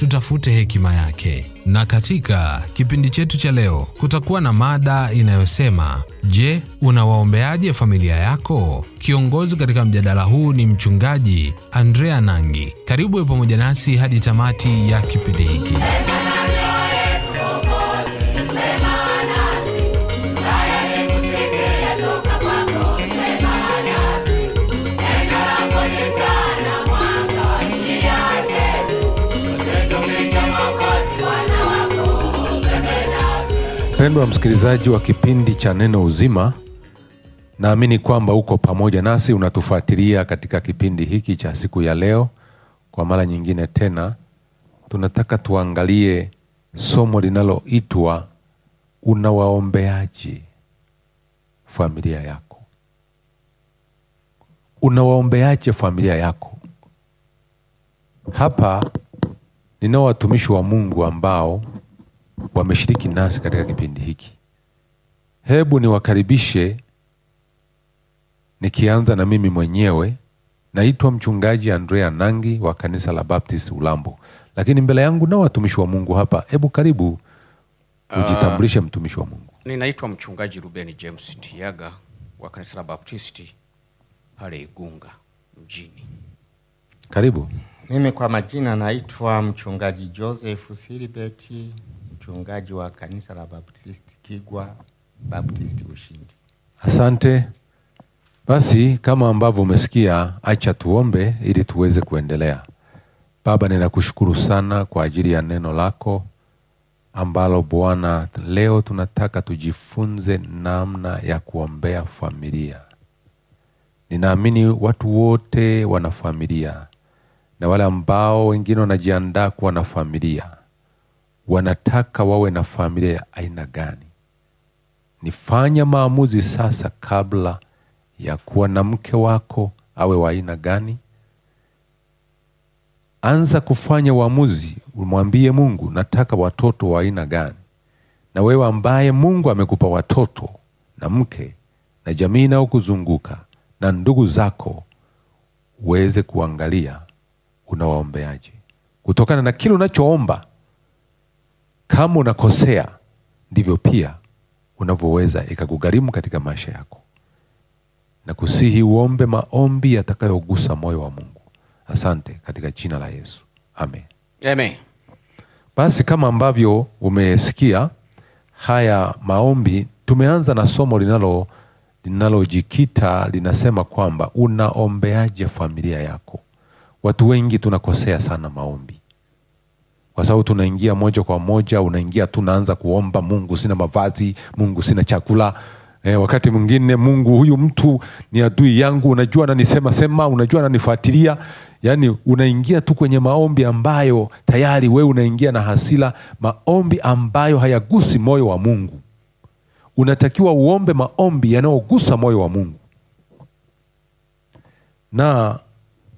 tutafute hekima yake. Na katika kipindi chetu cha leo kutakuwa na mada inayosema, je, unawaombeaje familia yako? Kiongozi katika mjadala huu ni mchungaji Andrea Nangi. Karibu pamoja nasi hadi tamati ya kipindi hiki. Mpendwa msikilizaji wa kipindi cha Neno Uzima, naamini kwamba uko pamoja nasi, unatufuatilia katika kipindi hiki cha siku ya leo. Kwa mara nyingine tena, tunataka tuangalie somo linaloitwa unawaombeaje familia yako? Unawaombeaje familia yako? Hapa ninao watumishi wa Mungu ambao wameshiriki nasi katika kipindi hiki. Hebu niwakaribishe nikianza na mimi mwenyewe. Naitwa Mchungaji Andrea Nangi wa kanisa la Baptist Ulambo, lakini mbele yangu na watumishi wa Mungu hapa. Hebu karibu ujitambulishe, ah, mtumishi wa Mungu. Ninaitwa Mchungaji Ruben James Tiaga wa kanisa la Baptisti pale Igunga mjini. Karibu. Mimi kwa majina naitwa Mchungaji Joseph Silibeti mchungaji wa kanisa la Baptist Kigwa Baptist Ushindi. Asante. Basi kama ambavyo umesikia, acha tuombe ili tuweze kuendelea. Baba, ninakushukuru sana kwa ajili ya neno lako ambalo Bwana, leo tunataka tujifunze namna ya kuombea familia. Ninaamini watu wote wana familia na wale ambao wengine wanajiandaa kuwa na familia wanataka wawe na familia ya aina gani. Nifanya maamuzi sasa kabla ya kuwa na mke wako awe wa aina gani. Anza kufanya uamuzi, umwambie Mungu, nataka watoto wa aina gani. Na wewe ambaye Mungu amekupa watoto na mke na jamii inayokuzunguka na ndugu zako, uweze kuangalia unawaombeaje. Kutokana na kile unachoomba kama unakosea ndivyo pia unavyoweza ikakugharimu katika maisha yako, na kusihi uombe maombi yatakayogusa moyo wa Mungu. Asante katika jina la Yesu, amen. Amen. Basi kama ambavyo umesikia haya maombi, tumeanza na somo linalo linalojikita linasema kwamba unaombeaje familia yako. Watu wengi tunakosea sana maombi kwa sababu tunaingia moja kwa moja, unaingia tu naanza kuomba, Mungu sina mavazi, Mungu sina chakula. E, wakati mwingine Mungu huyu mtu ni adui yangu, unajua ananisema sema, unajua ananifuatilia. Yani unaingia tu kwenye maombi ambayo tayari we unaingia na hasira, maombi ambayo hayagusi moyo wa Mungu. Unatakiwa uombe maombi yanayogusa moyo wa Mungu, na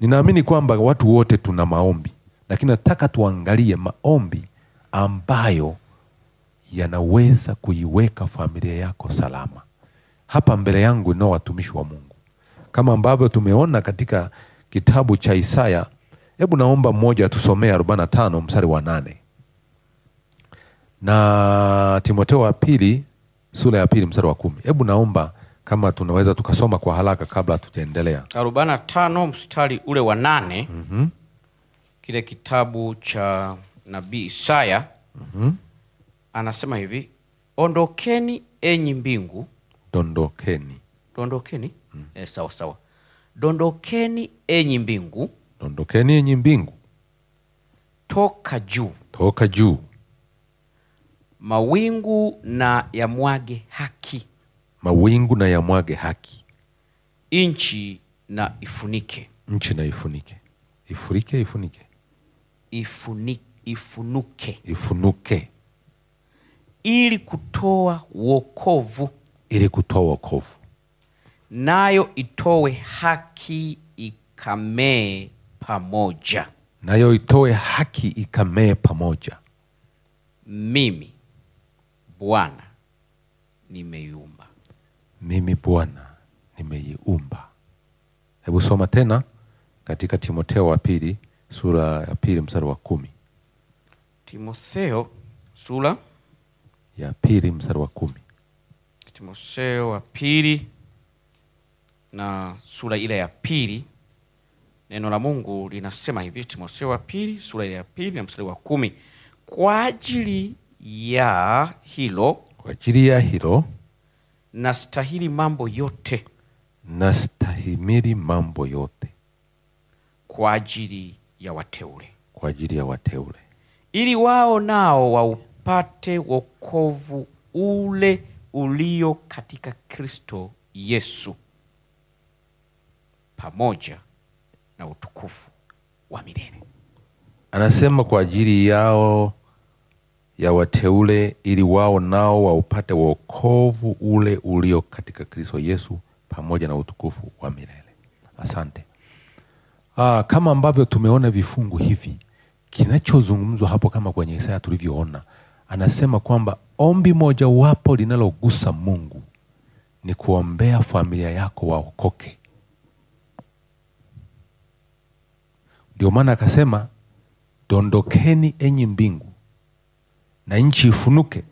ninaamini kwamba watu wote tuna maombi lakini nataka tuangalie maombi ambayo yanaweza kuiweka familia yako salama. Hapa mbele yangu nao watumishi wa Mungu, kama ambavyo tumeona katika kitabu cha Isaya. Hebu naomba mmoja tusomee 45 mstari wa nane na timoteo wa pili sura ya pili mstari wa kumi. Hebu naomba kama tunaweza tukasoma kwa haraka kabla tujaendelea. 45 mstari ule wa nane. mm -hmm kile kitabu cha nabii Isaya mm -hmm. anasema hivi, ondokeni enyi mbingu, dondokeni dondokeni, mm. E, sawa sawa, dondokeni enyi mbingu, dondokeni enyi mbingu toka juu, toka juu, mawingu na yamwage haki, mawingu na yamwage haki, inchi na ifunike, nchi na ifunike, ifurike, ifunike ifuni, ifunuke, ifunuke ili kutoa wokovu, ili kutoa wokovu, nayo itowe haki ikamee pamoja, nayo itowe haki ikamee pamoja. Mimi Bwana nimeiumba, mimi Bwana nimeiumba. Hebu soma tena katika timoteo wa pili sura ya pili mstari wa kumi. Timotheo sura ya pili mstari wa kumi. Timotheo wa pili na sura ile ya pili, neno la Mungu linasema hivi, Timotheo wa pili sura ile ya pili na mstari wa kumi, kwa ajili ya hilo, kwa ajili ya hilo nastahili mambo yote, nastahimili mambo yote kwa ajili ya wateule, kwa ajili ya wateule, ili wao nao waupate wokovu ule ulio katika Kristo Yesu pamoja na utukufu wa milele. Anasema kwa ajili yao ya wateule ili wao nao waupate wokovu ule ulio katika Kristo Yesu pamoja na utukufu wa milele. Asante. Aa, ah, kama ambavyo tumeona vifungu hivi, kinachozungumzwa hapo kama kwenye Isaya tulivyoona, anasema kwamba ombi moja wapo linalogusa Mungu ni kuombea familia yako waokoke. Ndio maana akasema, dondokeni enyi mbingu na nchi ifunuke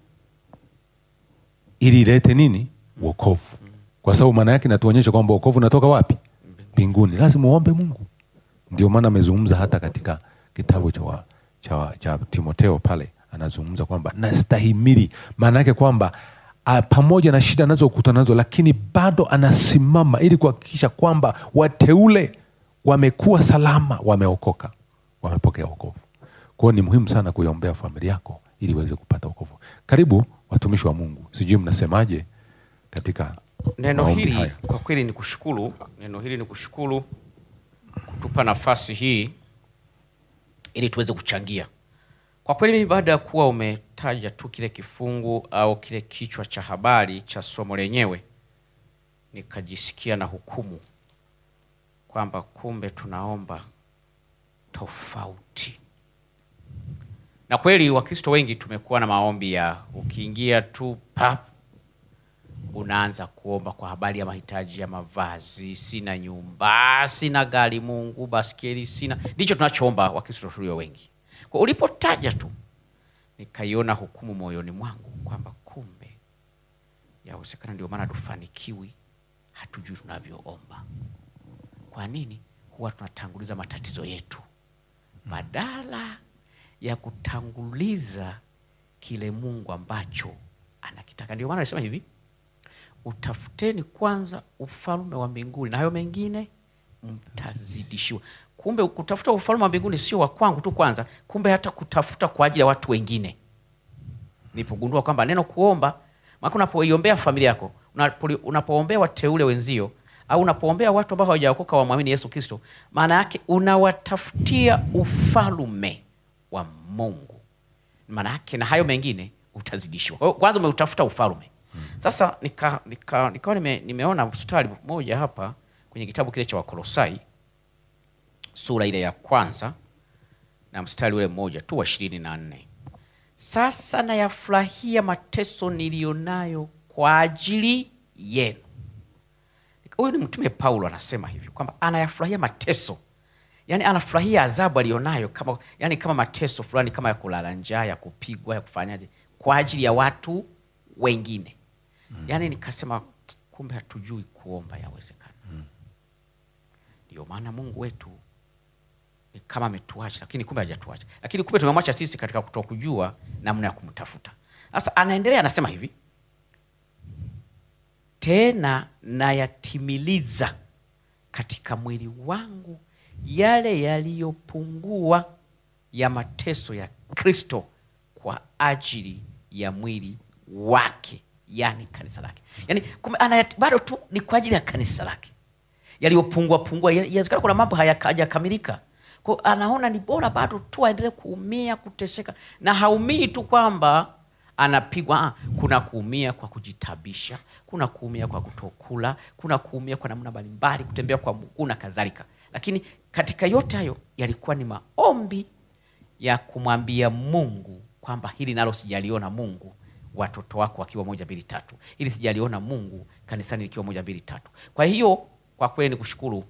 ili ilete nini? Wokovu. Kwa sababu maana yake inatuonyesha kwamba wokovu unatoka wapi? Mbinguni. Lazima uombe Mungu. Ndio maana amezungumza hata katika kitabu cha, wa, cha, cha Timoteo pale anazungumza kwamba nastahimili, maana yake kwamba a, pamoja na shida anazokutana nazo, lakini bado anasimama ili kuhakikisha kwamba wateule wamekuwa salama, wameokoka, wamepokea wokovu. Kwa hiyo ni muhimu sana kuiombea familia yako ili iweze kupata wokovu. Karibu watumishi wa Mungu, sijui mnasemaje katika neno hili. kwa kweli ni kushukuru, neno hili ni kushukuru kutupa nafasi hii ili tuweze kuchangia. Kwa kweli mimi baada ya kuwa umetaja tu kile kifungu au kile kichwa cha habari cha somo lenyewe, nikajisikia na hukumu kwamba kumbe tunaomba tofauti. Na kweli Wakristo wengi tumekuwa na maombi ya ukiingia tu pap unaanza kuomba kwa habari ya mahitaji ya mavazi, sina nyumba, sina gari, Mungu, baskeli sina. Ndicho tunachoomba Wakristo tulio wengi. Kwa ulipotaja tu, nikaiona hukumu moyoni mwangu kwamba kumbe yawezekana, ndio maana tufanikiwi, hatujui tunavyoomba. Kwa nini huwa tunatanguliza matatizo yetu badala ya kutanguliza kile Mungu ambacho anakitaka? Ndio maana anasema hivi utafuteni kwanza ufalme wa mbinguni na hayo mengine mtazidishiwa. Kumbe kutafuta ufalme wa mbinguni sio wa kwangu tu kwanza, kumbe hata kutafuta kwa ajili ya watu wengine. Nipogundua kwamba neno kuomba, maana unapoiombea familia yako, unapoombea wateule wenzio, au unapoombea watu ambao hawajaokoka wamwamini Yesu Kristo, maana yake unawatafutia ufalme wa Mungu, maana yake na hayo mengine utazidishwa. Kwanza umeutafuta ufalme sasa nika, nika, nikawa nime, nimeona mstari mmoja hapa kwenye kitabu kile cha Wakolosai sura ile ya kwanza na mstari ule mmoja tu wa ishirini na nne sasa nayafurahia mateso niliyonayo kwa ajili yenu. Huyu ni Mtume Paulo anasema hivyo kwamba anayafurahia mateso, yaani anafurahia adhabu aliyonayo kama, yani kama mateso fulani kama ya kulala njaa, ya kupigwa, ya kufanyaje kwa ajili ya watu wengine mm. Yaani nikasema kumbe hatujui kuomba, yawezekana mm-hmm. ndio mm. maana Mungu wetu ni kama ametuacha, lakini kumbe hajatuacha, lakini kumbe tumemwacha sisi katika kujua namna ya kumtafuta. Sasa anaendelea anasema hivi tena nayatimiliza katika mwili wangu yale yaliyopungua ya mateso ya Kristo kwa ajili ya mwili wake yani kanisa lake yani kume, anayat, bado tu ni kwa ajili ya kanisa lake yaliyopungua pungua inawezekana kuna mambo hayajakamilika kwa anaona ni bora bado tu aendelee kuumia kuteseka na haumii tu kwamba anapigwa ah, kuna kuumia kwa kujitabisha kuna kuumia kwa kutokula kuna kuumia kwa namna mbalimbali kutembea kwa mguu na kadhalika lakini katika yote hayo yalikuwa ni maombi ya kumwambia mungu kwamba hili nalo sijaliona mungu watoto wako wakiwa moja mbili tatu, ili sijaliona Mungu kanisani likiwa moja mbili tatu. Kwa hiyo kwa kweli nikushukuru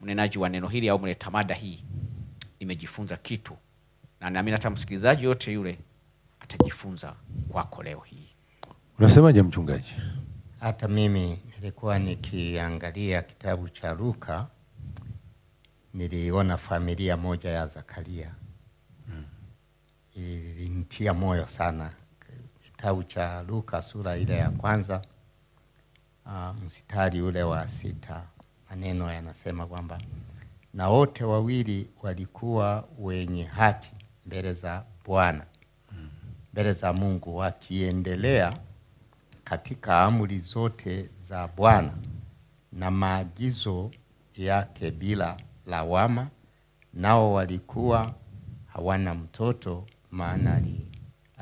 mnenaji wa neno hili au mleta mada hii, imejifunza kitu na naamini hata msikilizaji yote yule atajifunza kwako leo hii. Unasemaje mchungaji? Hata mimi nilikuwa nikiangalia kitabu cha Luka, niliona familia moja ya Zakaria, hmm. ilinitia moyo sana kitabu cha Luka sura ile ya kwanza uh, mstari ule wa sita, maneno yanasema kwamba na wote wawili walikuwa wenye haki mbele za Bwana, mbele za Mungu, wakiendelea katika amri zote za Bwana na maagizo yake bila lawama, nao walikuwa hawana mtoto maana ali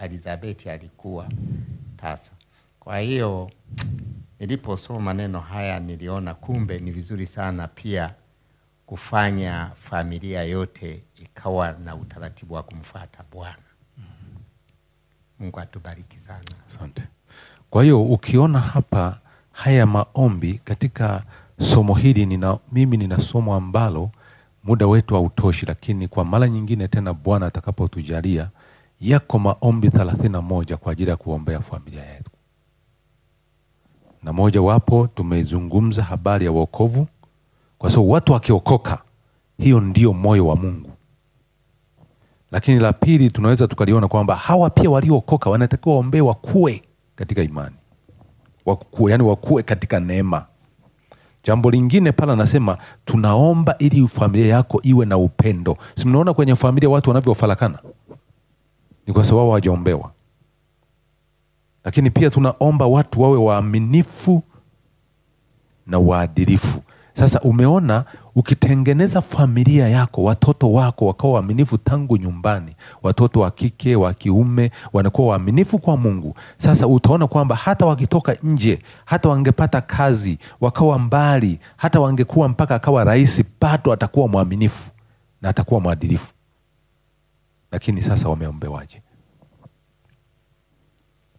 Elizabeth alikuwa tasa. Kwa hiyo niliposoma maneno haya niliona kumbe ni vizuri sana pia kufanya familia yote ikawa na utaratibu wa kumfuata Bwana. Mungu atubariki sana. Asante. Kwa hiyo ukiona hapa haya maombi katika somo hili nina, mimi nina somo ambalo muda wetu hautoshi, lakini kwa mara nyingine tena Bwana atakapotujalia yako maombi thelathini na moja kwa ajili ya kuombea familia yetu, na moja wapo tumezungumza habari ya wokovu, kwa sababu watu wakiokoka, hiyo ndio moyo wa Mungu. Lakini la pili tunaweza tukaliona kwamba hawa pia waliokoka wanatakiwa waombee wakue katika imani, wakue, yani wakue katika neema. Jambo lingine pale anasema tunaomba ili familia yako iwe na upendo. Si mnaona kwenye familia watu wanavyofarakana ni kwa sababu hawajaombewa. Lakini pia tunaomba watu wawe waaminifu na waadilifu. Sasa umeona, ukitengeneza familia yako, watoto wako wakawa waaminifu tangu nyumbani, watoto wa kike wa kiume wanakuwa waaminifu kwa Mungu. Sasa utaona kwamba hata wakitoka nje, hata wangepata kazi, wakawa mbali, hata wangekuwa mpaka akawa rais, bado atakuwa mwaminifu na atakuwa mwadilifu lakini sasa wameombewaje?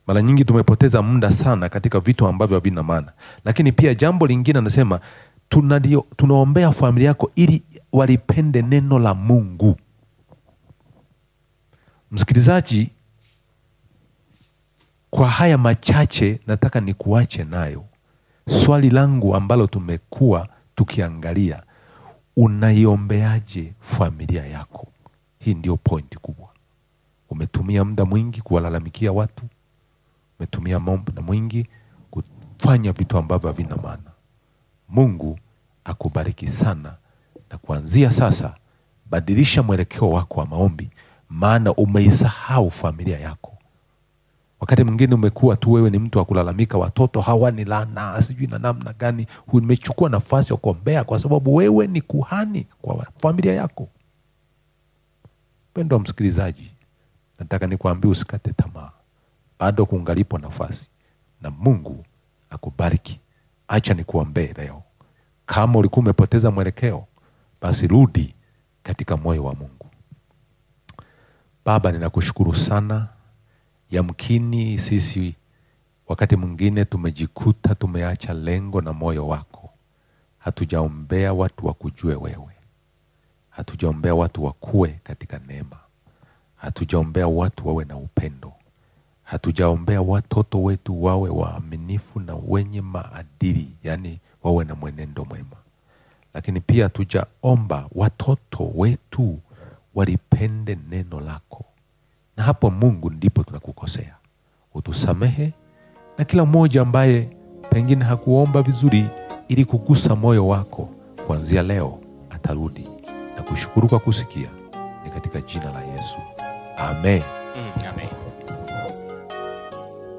Mara nyingi tumepoteza muda sana katika vitu ambavyo havina maana. Lakini pia jambo lingine anasema tunalio, tunaombea familia yako ili walipende neno la Mungu. Msikilizaji, kwa haya machache nataka nikuache nayo. Swali langu ambalo tumekuwa tukiangalia, unaiombeaje familia yako? Hii ndio point kubwa. Umetumia muda mwingi kuwalalamikia watu, umetumia muda mwingi kufanya vitu ambavyo havina maana. Mungu akubariki sana, na kuanzia sasa badilisha mwelekeo wako wa maombi, maana umeisahau familia yako. Wakati mwingine umekuwa tu wewe ni mtu wa kulalamika, watoto hawa ni sijui na namna gani. Umechukua nafasi ya kuombea, kwa sababu wewe ni kuhani kwa familia yako wa msikilizaji, nataka nikuambie usikate tamaa, bado kungalipo nafasi, na Mungu akubariki. Acha nikuombee leo. Kama ulikuwa umepoteza mwelekeo, basi rudi katika moyo wa Mungu. Baba, ninakushukuru sana. Yamkini sisi wakati mwingine tumejikuta tumeacha lengo na moyo wako, hatujaombea watu wakujue wewe Hatujaombea watu wakue katika neema, hatujaombea watu wawe na upendo, hatujaombea watoto wetu wawe waaminifu na wenye maadili, yaani wawe na mwenendo mwema. Lakini pia hatujaomba watoto wetu walipende neno lako, na hapo Mungu ndipo tunakukosea. Utusamehe na kila mmoja ambaye pengine hakuomba vizuri ili kugusa moyo wako, kuanzia leo atarudi kushukuru kwa kusikia ni katika jina la Yesu, amen. Mm.